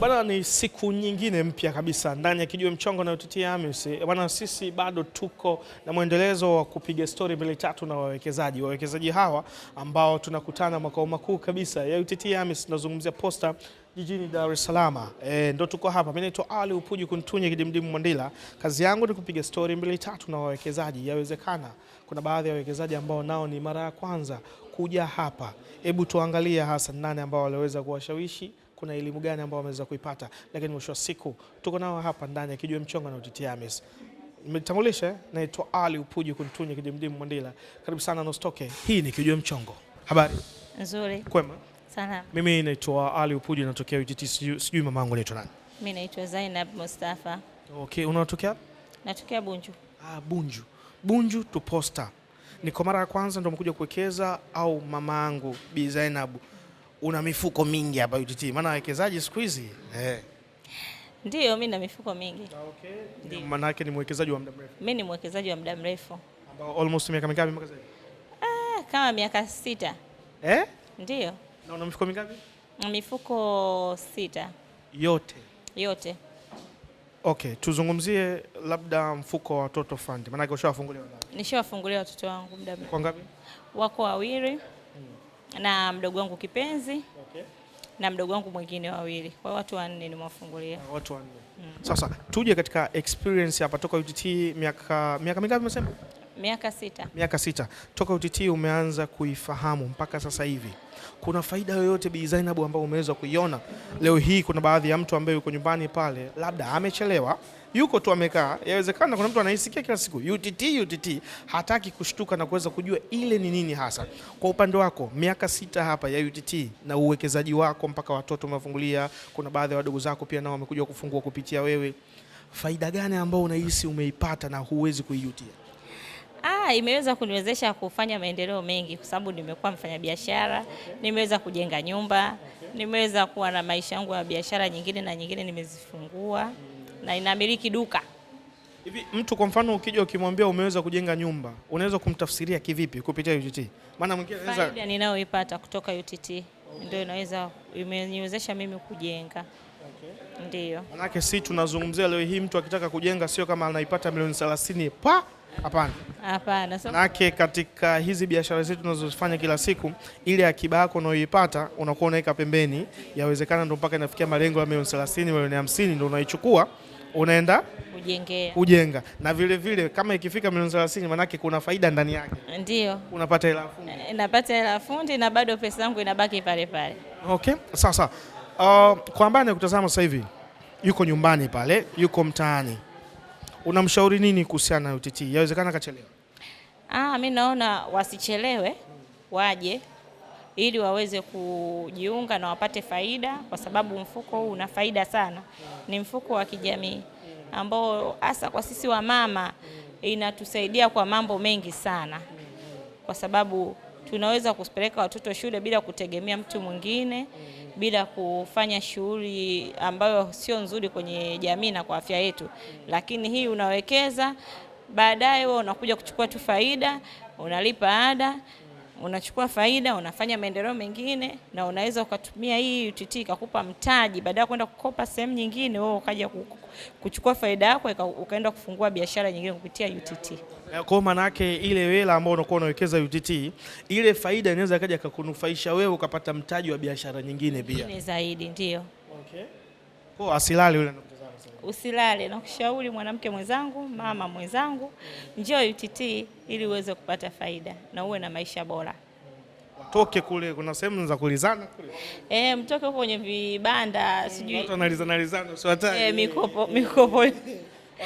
Bwana, ni siku nyingine mpya kabisa ndani ya Kijiwe Mchongo na UTT AMIS. Bwana, sisi bado tuko na mwendelezo wa kupiga stori mbili tatu na wawekezaji. Wawekezaji hawa ambao tunakutana makao makuu kabisa ya UTT AMIS, tunazungumzia Posta jijini Dar es Salaam. E, ndo tuko hapa. Mimi naitwa Ali Upuji Kuntunye Kidimdimu Mwandila. Kazi yangu ni kupiga stori mbili tatu na wawekezaji. Yawezekana kuna baadhi ya wawekezaji ambao nao ni mara ya kwanza kuja hapa. Hebu tuangalie hasa nani ambao waliweza kuwashawishi kuna elimu gani ambayo wameweza kuipata, lakini mwisho wa siku tuko nao hapa ndani ya Kijiwe Mchongo na UTT AMIS. Nimetambulisha, naitwa Ali Upuji Kuntunye Kidimdimu Mwandila. Karibu sana na usitoke. Hii ni Kijiwe Mchongo. Habari nzuri? Kwema sana. Mimi naitwa Ali Upuji natokea UTT, sijui mamangu naitwa nani? Mimi naitwa Zainab Mustafa. Okay, unatokea? Natokea Bunju. Ah, Bunju. Bunju tu posta. Ni kwa mara ya kwanza ndo mkuja kuwekeza au mama yangu Bi Zainabu una mifuko mingi hapa UTT, maana wawekezaji siku hizi eh. Ndio, mimi na mifuko mingi. Ah, okay. Maana yake ni mwekezaji wa muda mrefu. Mimi ni mwekezaji wa muda mrefu. Ambao almost miaka mingapi mpaka Ah, kama miaka sita. Eh? Ndio. Na una mifuko mingapi? Mifuko sita. Yote. Yote. Okay, tuzungumzie labda mfuko wa watoto fund. Maana yake ushawafungulia watoto? Nishawafungulia watoto wangu muda mrefu. Kwa ngapi? Wako wawili na mdogo wangu kipenzi okay. na mdogo wangu mwingine wawili, kwa watu wanne nimewafungulia ah, watu wanne. Mm. Sasa tuje katika experience hapa toka UTT miaka miaka mingapi umesema? Miaka sita. Miaka sita toka UTT umeanza kuifahamu mpaka sasa hivi, kuna faida yoyote Bi Zainabu ambayo umeweza kuiona leo hii? Kuna baadhi ya mtu ambaye yuko nyumbani pale labda amechelewa yuko tu amekaa. Yawezekana kuna mtu anaisikia kila siku UTT, UTT, hataki kushtuka na kuweza kujua ile ni nini hasa. Kwa upande wako, miaka sita hapa ya UTT na uwekezaji wako mpaka watoto umewafungulia, kuna baadhi ya wadogo zako pia nao wamekuja kufungua kupitia wewe, faida gani ambayo unahisi umeipata na huwezi kuijutia? Ah, imeweza kuniwezesha kufanya maendeleo mengi kwa sababu nimekuwa mfanyabiashara, nimeweza kujenga nyumba, nimeweza kuwa na maisha yangu ya biashara nyingine na nyingine nimezifungua na inamiliki duka. Hivi mtu kwa mfano ukija ukimwambia umeweza kujenga nyumba, unaweza kumtafsiria kivipi kupitia UTT? Maana mwingine anaweza faida ninayoipata kutoka UTT okay, ndio inaweza imeniwezesha mimi kujenga okay. Ndio manake si tunazungumzia leo hii, mtu akitaka kujenga sio kama anaipata milioni 30 pa Hapana. Hapana. So, manake katika hizi biashara zetu tunazozifanya kila siku, ile akiba yako unayoipata unakuwa unaweka pembeni, yawezekana ndo mpaka inafikia malengo ya milioni 30, milioni 50, ndo unaichukua unaenda kujengea kujenga, na vile vile kama ikifika milioni 30, manake kuna faida ndani yake, ndio unapata hela fundi, eh, napata hela fundi na bado pesa yangu inabaki pale pale. Okay, sasa Uh, kwa ambaye anakutazama sasa hivi yuko nyumbani pale, yuko mtaani unamshauri nini kuhusiana na UTT? Yawezekana kachelewa? Ah, mimi naona wasichelewe, waje ili waweze kujiunga na wapate faida, kwa sababu mfuko huu una faida sana. Ni mfuko wa kijamii ambao hasa kwa sisi wamama inatusaidia kwa mambo mengi sana, kwa sababu tunaweza kupeleka watoto shule bila kutegemea mtu mwingine, bila kufanya shughuli ambayo sio nzuri kwenye jamii na kwa afya yetu. Lakini hii unawekeza, baadaye wewe unakuja kuchukua tu faida, unalipa ada unachukua faida unafanya maendeleo mengine, na unaweza ukatumia hii UTT ikakupa mtaji, baada ya kwenda kukopa sehemu nyingine, wewe ukaja kuchukua faida yako ukaenda kufungua biashara nyingine kupitia UTT. Eh, kwa maana yake ile wela ambayo unakuwa unawekeza UTT, ile faida inaweza kaja kakunufaisha wewe ukapata mtaji wa biashara nyingine pia zaidi, ndio okay. Kwa asilali yule usilale. Nakushauri mwanamke mwenzangu, mama mwenzangu, njoo UTT ili uweze kupata faida na uwe na maisha bora. Watoke kule, kuna sehemu za kulizana kule eh, mtoke huko kwenye vibanda, sijui watu wanalizana lizana, hata eh, mikopo mikopo watu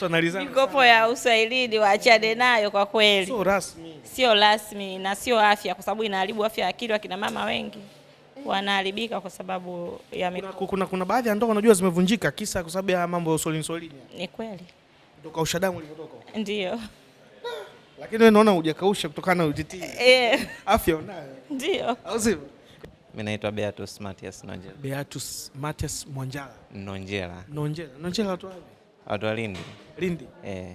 wanalizana mikopo ya uswahilini, waachane nayo kwa kweli. Sio rasmi, sio rasmi na sio afya, kwa sababu inaharibu afya ya akili wa kina mama wengi wanaharibika kwa sababu ya kuna, kuna, kuna baadhi ya ndoa unajua zimevunjika kisa kwa sababu ya mambo ya solini solini. Ni kweli ndio kausha damu ilivyotoka, ndio lakini wewe naona hujakausha kutokana na UTT eh, afya unayo, ndio au sivyo? Mimi naitwa Beatus Matias Nonjela. Beatus Matias Mwanjala. Nonjela. Nonjela. Nonjela watu wapi? Watu wa Lindi. Lindi. Eh.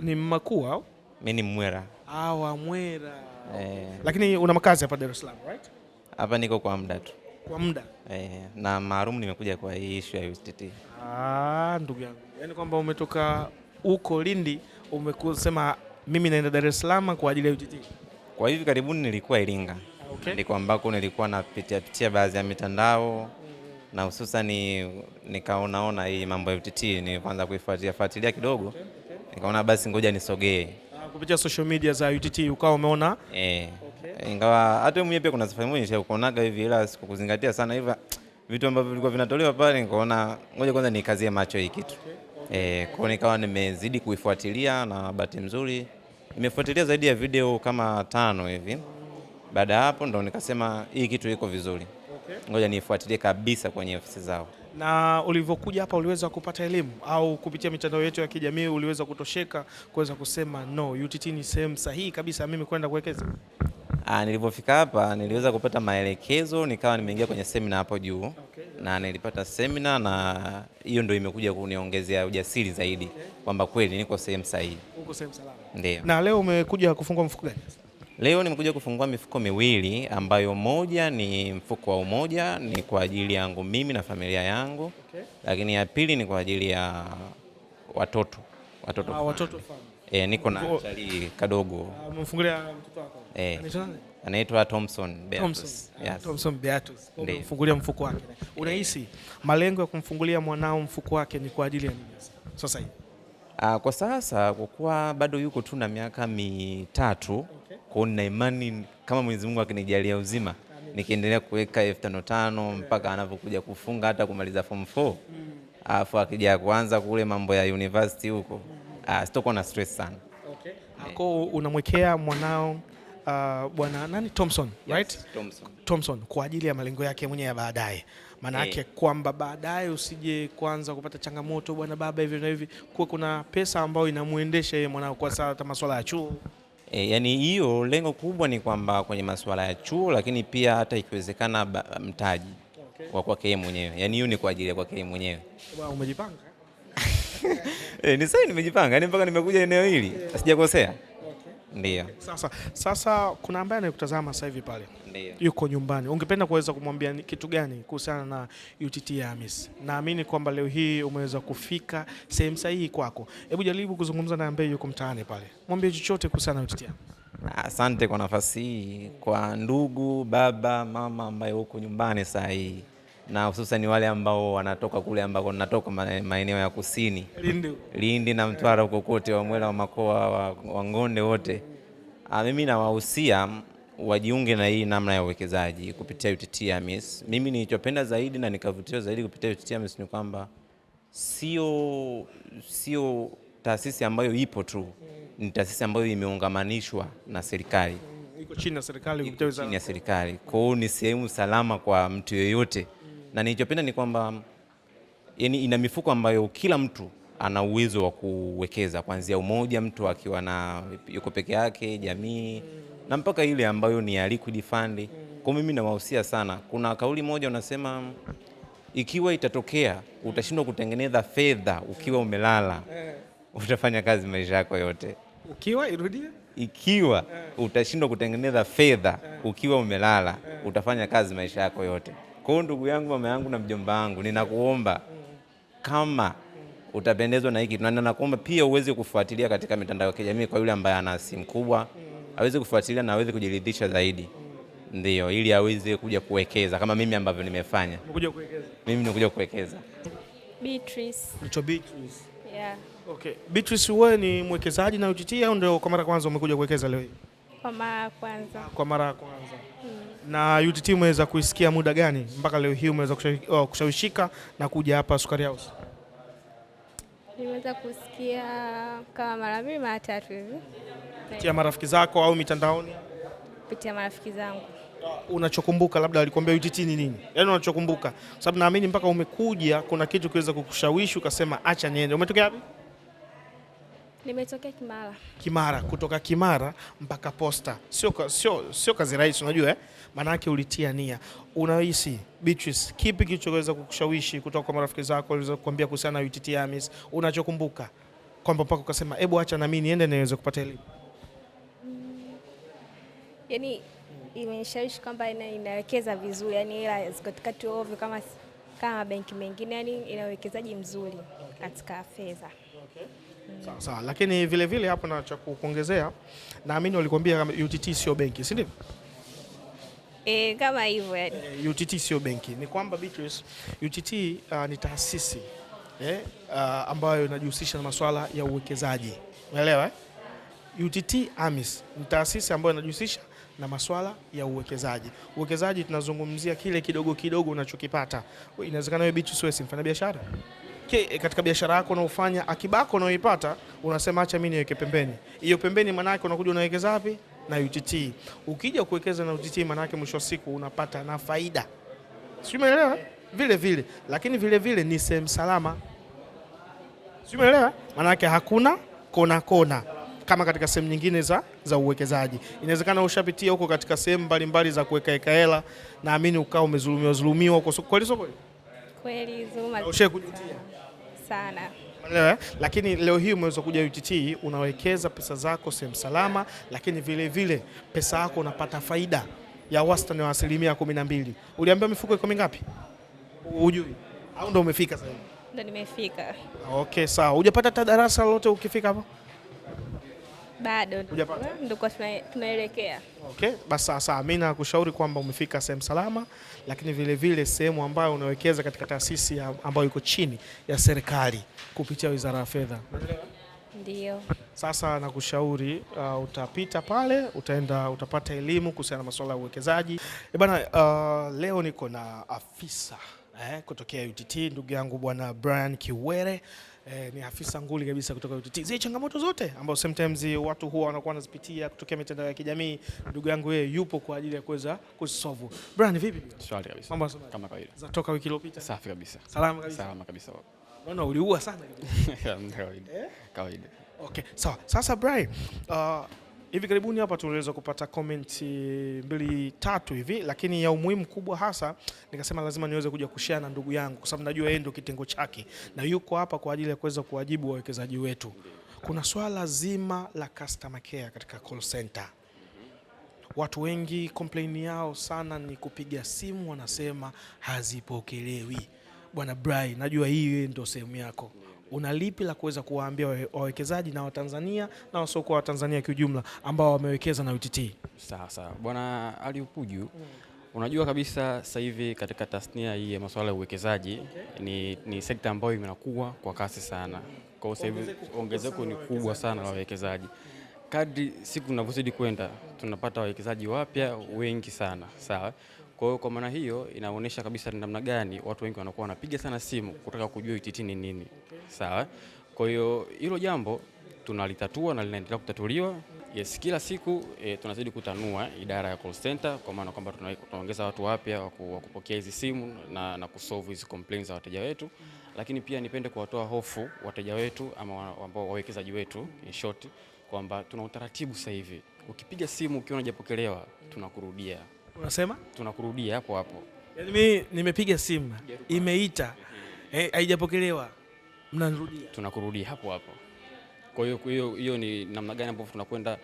Ni makuu au? Mimi ni Mwera. Ah, wa Mwera. Eh. Lakini una makazi hapa Dar es Salaam, right? Hapa niko kwa muda tu. Kwa muda? Eh, na maalum nimekuja kwa hii issue ya UTT. Ah, ndugu yangu. Yaani kwamba umetoka huko Lindi umekusema mimi naenda Dar es Salaam kwa ajili ya UTT. Kwa hivi karibuni nilikuwa Iringa. Okay. Ndiko ambako nilikuwa napitia pitia baadhi ya mitandao na hususan nikaonaona hii mambo ya UTT nilianza kuifuatilia fuatilia kidogo. Okay. Okay. Nikaona basi ngoja nisogee. Ah, kupitia social media za UTT ukawa umeona eh ingawa hata mwenyewe pia kuna safari moja nishakuonaga hivi, ila sikukuzingatia sana hivi vitu ambavyo vilikuwa vinatolewa pale, nikaona ngoja kwanza nikazie macho hii kitu eh, kwa nikawa nimezidi kuifuatilia, na bahati nzuri nimefuatilia zaidi ya video kama tano hivi. Baada ya hapo ndo nikasema hii kitu iko vizuri, ngoja niifuatilie kabisa kwenye ofisi zao. Na ulivyokuja hapa uliweza kupata elimu au kupitia mitandao yetu ya kijamii uliweza kutosheka kuweza kusema no, UTT ni sehemu sahihi kabisa mimi kwenda kuwekeza? Ah, nilivyofika hapa niliweza kupata maelekezo, nikawa nimeingia kwenye semina hapo juu okay, na nilipata semina na hiyo ndio imekuja kuniongezea ujasiri zaidi kwamba kweli niko sehemu sahihi. Uko sehemu salama. Ndio. Na leo umekuja kufungua mfuko gani? Leo nimekuja kufungua mifuko miwili ambayo moja ni mfuko wa Umoja, ni kwa ajili yangu mimi na familia yangu okay, lakini ya pili ni kwa ajili ya watoto watoto, ah, watoto E, niko na chali kadogo. Ah, umemfungulia mtoto wako? Eh. Anaitwa Thompson Beatus. Thompson Yes. Thompson Beatus. Umemfungulia mfuko wake. Unahisi malengo ya kumfungulia mwanao mfuko wake ni kwa ajili ya nini sasa hivi? Ah, kwa sasa kwa kuwa bado yuko tu na miaka mitatu, okay. Kwa nina imani kama Mwenyezi Mungu akinijalia uzima nikiendelea kuweka elfu tano tano mpaka anapokuja kufunga hata kumaliza form 4. mm. Alafu akija kuanza kule mambo ya university huko uh, ah, sitokuwa na stress sana. Okay. Ako unamwekea mwanao Uh, bwana nani Thompson, yes, right? Thompson. Thompson kwa ajili ya malengo yake mwenyewe ya baadaye, maana yake hey, eh. kwamba baadaye usije kwanza kupata changamoto, bwana baba hivi na hivi, kuwa kuna pesa ambayo inamuendesha yeye mwanao kwa sasa hata masuala ya chuo e, yani hiyo lengo kubwa ni kwamba kwenye masuala ya chuo, lakini pia hata ikiwezekana mtaji okay, wa kwake mwenyewe, yani hiyo ni kwa ajili ya kwake mwenyewe. Umejipanga? Eh, ni sasa nimejipanga, yani mpaka nimekuja eneo hili sijakosea. Ndiyo. Sasa, sasa kuna ambaye anayekutazama sasa hivi pale yuko nyumbani, ungependa kuweza kumwambia kitu gani kuhusiana na UTT ya Naamini kwamba leo hii umeweza kufika sehemu sahihi kwako. Hebu jaribu kuzungumza na ambaye yuko mtaani pale, mwambie chochote kuhusiana na UTT. Asante kwa nafasi hii, kwa ndugu, baba, mama ambaye uko nyumbani sasa hii na ni wale ambao wanatoka kule ambako natoka maeneo ya kusini Lindi, Lindi na Mtwara huko kote, Wamwela, Wamakoa, Wangonde wote, ah, mimi nawahusia wajiunge na hii namna ya uwekezaji kupitia UTT AMIS. Mimi nilichopenda zaidi na nikavutiwa zaidi kupitia UTT AMIS ni kwamba sio sio taasisi ambayo ipo tu, ni taasisi ambayo imeungamanishwa na serikali, iko chini ya serikali, kwa hiyo ni sehemu salama kwa mtu yeyote na nilichopenda ni kwamba yani, ina mifuko ambayo kila mtu ana uwezo wa kuwekeza kuanzia umoja, mtu akiwa na yuko peke yake, jamii na mpaka ile ambayo ni ya liquid fund. Kwa mimi nawahusia sana, kuna kauli moja unasema ikiwa itatokea utashindwa kutengeneza fedha ukiwa umelala, eh. utafanya kazi maisha yako yote. Ukiwa irudie, ikiwa eh. utashindwa kutengeneza fedha eh. ukiwa umelala, utafanya kazi maisha yako yote. Kwa hiyo ndugu yangu, mama yangu na mjomba wangu, ninakuomba kama utapendezwa na hiki, na nakuomba pia uweze kufuatilia katika mitandao ya kijamii kwa yule ambaye ana simu kubwa aweze kufuatilia na aweze kujiridhisha zaidi, ndio ili aweze kuja kuwekeza kama mimi ambavyo nimefanya. Mimi nikuja kuwekeza. Beatrice. Beatrice. Yeah. Okay. Beatrice, wewe ni mwekezaji na UTT au ndio kwa mara kwanza umekuja kuwekeza leo hii? Kwa mara kwanza. Kwa mara kwanza. Hmm. Na UTT umeweza kuisikia muda gani mpaka leo hii umeweza oh, kushawishika na kuja hapa Sukari House? Nimeweza kusikia kama mara mbili mara tatu hivi. Kupitia marafiki zako au mitandaoni? Kupitia marafiki zangu. Unachokumbuka labda walikwambia UTT ni nini? Yaani unachokumbuka. Sababu naamini mpaka umekuja kuna kitu kiweza kukushawishi ukasema acha niende. Umetokea wapi? Nimetokea Kimara. Kimara, kutoka Kimara mpaka Posta sio, sio, sio kazi rahisi unajua eh? Maanake ulitia nia. Unahisi Beatrice, kipi kilichoweza kukushawishi kutoka kwa marafiki zako waliweza kukuambia kuhusiana na UTT AMIS, unachokumbuka kwamba mpaka ukasema hebu acha na mimi niende niweze kupata elimu? Mm, yani imenishawishi kwamba ina, inawekeza vizuri yani, ila katika ovyo kama, kama benki mengine yani ina uwekezaji mzuri katika fedha. Sawa sawa, lakini vile vile hapo na cha kuongezea, naamini walikwambia kama UTT sio benki, si ndio? Eh, kama hivyo yani. E, UTT sio benki, ni kwamba Beatrice, UTT uh, ni taasisi eh, uh, ambayo inajihusisha na masuala ya uwekezaji unaelewa eh? UTT AMIS ni taasisi ambayo inajihusisha na masuala ya uwekezaji. Uwekezaji tunazungumzia kile kidogo kidogo unachokipata. Inawezekana wewe Beatrice, wewe si biashara ke, katika biashara yako unaofanya, akiba yako unaoipata unasema acha mimi niweke pembeni. Hiyo pembeni maana yake unakuja unawekeza wapi? Na UTT. Ukija kuwekeza na UTT maana yake mwisho wa siku unapata na faida. Si umeelewa? Vile vile, lakini vile vile ni sehemu salama. Si umeelewa? Maana yake hakuna kona kona kama katika sehemu nyingine za, za uwekezaji. Inawezekana ushapitia huko katika sehemu mbalimbali za kuweka hela, naamini ukawa umezulumiwa zulumiwa huko. Kweli sio kweli? kweli dhuluma sana. Unaelewa? Eh? Lakini leo hii umeweza kuja UTT, unawekeza pesa zako sehemu salama, lakini vile vile pesa yako unapata faida ya wastani wa asilimia kumi na mbili. Uliambiwa mifuko iko mingapi? Hujui au ndo umefika sasa? Ndo nimefika. Ah, okay, sawa. Hujapata darasa lolote ukifika hapo? Bado ndio kwa tunaelekea. Okay, basi sasa mimi nakushauri kwamba umefika sehemu salama, lakini vile vile sehemu ambayo unawekeza katika taasisi ambayo iko chini ya serikali kupitia Wizara ya Fedha. Ndio. Sasa nakushauri uh, utapita pale utaenda utapata elimu kuhusiana na masuala ya uwekezaji. E bana, uh, leo niko na afisa eh, kutokea UTT ndugu yangu Bwana Brian Kiwere eh, ni afisa nguli kabisa kutoka UTT. Zile changamoto zote ambazo sometimes watu huwa wanakuwa wanazipitia kutokea mitandao ya kijamii, ndugu yangu yeye yupo kwa ajili ya kuweza kuzisolve. Brian, vipi? Shwari kabisa. Mambo kama kawaida. Za toka wiki iliyopita. Safi kabisa. Salama kabisa. Salama kabisa. Unaona uliua sana kabisa. Eh? Kawaida. Okay. Sawa. So, sasa Brian, uh, Hivi karibuni hapa tuliweza kupata comment mbili tatu hivi, lakini ya umuhimu kubwa hasa nikasema lazima niweze kuja kushare na ndugu yangu, kwa sababu najua yeye ndio kitengo chake na yuko hapa kwa ajili ya kuweza kuwajibu wawekezaji wetu. Kuna swala zima la customer care katika call center. Watu wengi complain yao sana ni kupiga simu, wanasema hazipokelewi. Bwana Brai, najua hii ndio sehemu yako una lipi la kuweza kuwaambia wawekezaji na Watanzania na wasiokuwa Watanzania kiujumla ambao wamewekeza na UTT? Sawa sawa, Bwana Ali Upuju, mm. Unajua kabisa sasa hivi katika tasnia hii ya masuala ya uwekezaji okay. Ni, ni sekta ambayo inakuwa kwa kasi sana, kwa sasa hivi ongezeko ni kubwa sana la wawekezaji. Kadri siku tunavyozidi kwenda tunapata wawekezaji wapya wengi sana, sawa kwa hiyo kwa maana hiyo inaonyesha kabisa ni namna gani watu wengi wanakuwa wanapiga sana simu kutaka kujua UTT ni nini. Sawa. Kwa hiyo hilo jambo tunalitatua na linaendelea kutatuliwa. Yes, kila siku e, tunazidi kutanua idara ya call center kwa maana kwamba tunaongeza watu wapya wa kupokea hizi simu na, na kusolve hizi complaints za wateja wetu, lakini pia nipende kuwatoa hofu wateja wetu ama ambao wawekezaji wetu in short, kwamba tuna utaratibu sasa hivi, ukipiga simu ukiona hujapokelewa tunakurudia. Unasema tunakurudia hapo hapo. Yaani mimi nimepiga simu imeita eh, haijapokelewa, e, mnanirudia tunakurudia hapo hapo. Kwa hiyo hiyo ni namna gani ambapo tunakwenda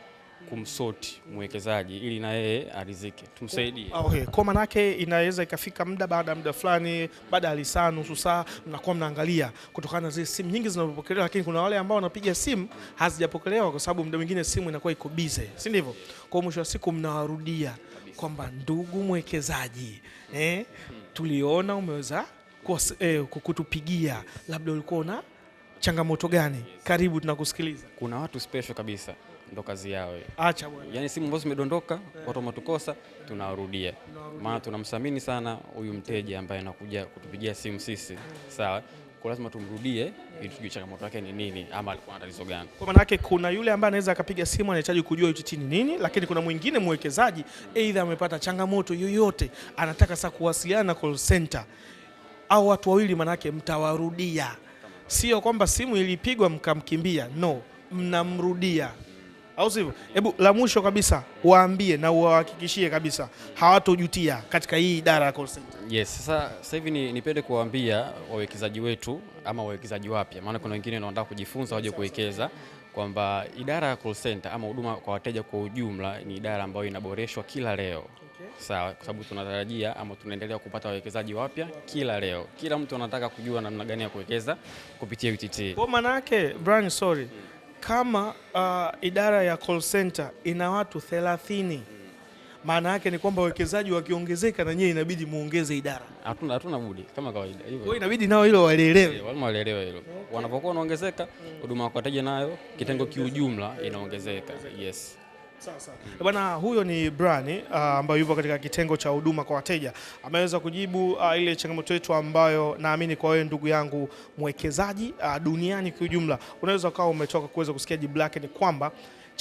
kumsoti mwekezaji ili na yeye arizike, tumsaidie. Oh, okay, kwa manake inaweza ikafika muda baada ya muda fulani, baada ya saa nusu saa, mnakuwa mnaangalia kutokana na zile simu nyingi zinazopokelewa, lakini kuna wale ambao wanapiga simu hazijapokelewa kwa sababu muda mwingine simu inakuwa iko busy, si ndivyo? Kwa mwisho wa siku mnawarudia kwamba ndugu mwekezaji eh, tuliona umeweza eh, kutupigia, labda ulikuwa una changamoto gani? Karibu, tunakusikiliza. Kuna watu special kabisa ndo kazi yao, acha bwana, yani simu ambazo zimedondoka yeah. Watu wametukosa tunawarudia, maana tunamthamini sana huyu mteja ambaye anakuja kutupigia simu sisi, eh. sawa kwa lazima tumrudie ili tujue changamoto yake ni nini ama alikuwa na tatizo gani. Kwa maana yake kuna yule ambaye anaweza akapiga simu anahitaji kujua UTT ni nini, lakini kuna mwingine mwekezaji aidha amepata changamoto yoyote anataka sasa kuwasiliana na call center au watu wawili, maana yake mtawarudia, sio kwamba simu ilipigwa mkamkimbia, no, mnamrudia au sivyo? Hebu la mwisho kabisa waambie na uwahakikishie kabisa hawatojutia katika hii idara ya call center. Yes, sasa sasa hivi ni nipende kuwaambia wawekezaji wetu ama wawekezaji wapya, maana kuna wengine wanaotaka kujifunza waje kuwekeza kwamba idara ya call center ama huduma kwa wateja kwa ujumla ni idara ambayo inaboreshwa kila leo. Sawa, kwa sababu tunatarajia ama tunaendelea kupata wawekezaji wapya kila leo. Kila mtu anataka kujua namna gani ya kuwekeza kupitia UTT. Kwa maana yake Brian, sorry kama uh, idara ya call center ina watu 30 maana yake ni kwamba wawekezaji wakiongezeka, na nyie inabidi muongeze idara. Hatuna hatuna budi, kama kawaida hivyo. Kwa hiyo inabidi nao hilo walielewe, walimu eh, walielewe hilo. Wanapokuwa wanaongezeka, huduma kwa wateja nayo kitengo kiujumla inaongezeka. Yes. Sasa eh, bwana huyo ni Brian eh, ambaye yupo katika kitengo cha huduma kwa wateja, ameweza kujibu uh, ile changamoto yetu ambayo naamini kwa wewe ndugu yangu mwekezaji uh, duniani kwa ujumla unaweza ukawa umetoka kuweza kusikia jibu lake ni kwamba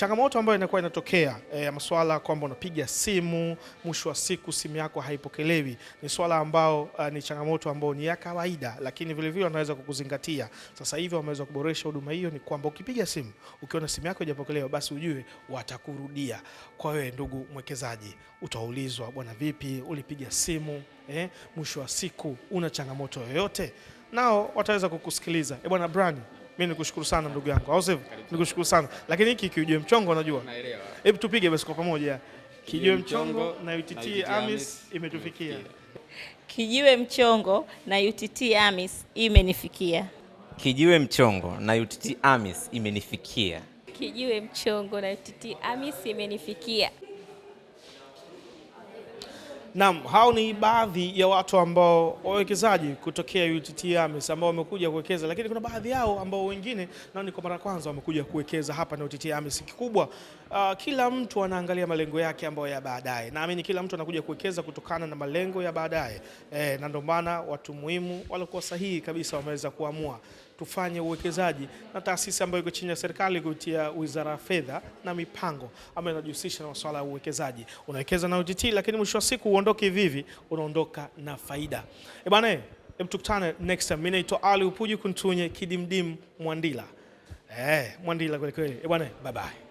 changamoto ambayo inakuwa inatokea eh, ya e, masuala kwamba unapiga simu mwisho wa siku simu yako haipokelewi ni swala ambao uh, ni changamoto ambayo ni ya kawaida, lakini vilevile wanaweza kukuzingatia. Sasa hivi wameweza kuboresha huduma hiyo, ni kwamba ukipiga simu ukiona simu yako haijapokelewa, basi ujue watakurudia. Kwa wewe ndugu mwekezaji, utaulizwa bwana, vipi ulipiga simu eh? mwisho wa siku una changamoto yoyote? Nao wataweza kukusikiliza. E bwana brani mimi nikushukuru sana ndugu yangu, au sivyo? Nikushukuru sana lakini hiki kijiwe mchongo unajua, naelewa. hebu tupige basi kwa pamoja. Kijiwe mchongo na UTT AMIS imetufikia. Kijiwe mchongo na UTT AMIS imenifikia. Kijiwe mchongo na UTT AMIS imenifikia. Kijiwe mchongo na UTT AMIS imenifikia. Naam, hao ni baadhi ya watu ambao wawekezaji kutokea UTT AMIS ambao wamekuja kuwekeza, lakini kuna baadhi yao ambao wengine nao ni kwa mara ya kwanza wamekuja kuwekeza hapa na UTT AMIS. Kikubwa uh, kila mtu anaangalia malengo yake ambayo ya baadaye. Naamini kila mtu anakuja kuwekeza kutokana na malengo ya baadaye eh, na ndio maana watu muhimu walikuwa sahihi kabisa wameweza kuamua tufanye uwekezaji na taasisi ambayo iko chini ya serikali kupitia Wizara ya Fedha na Mipango ambayo inajihusisha na masuala ya uwekezaji. Unawekeza na UTT, lakini mwisho wa siku uondoke vivi, unaondoka na faida. E eh, bana, tukutane next time. Mimi naitwa Ali Upuji Kuntunye Kidimdim Mwandila. Eh, Mwandila kweli kweli. E eh, bana, bye bye.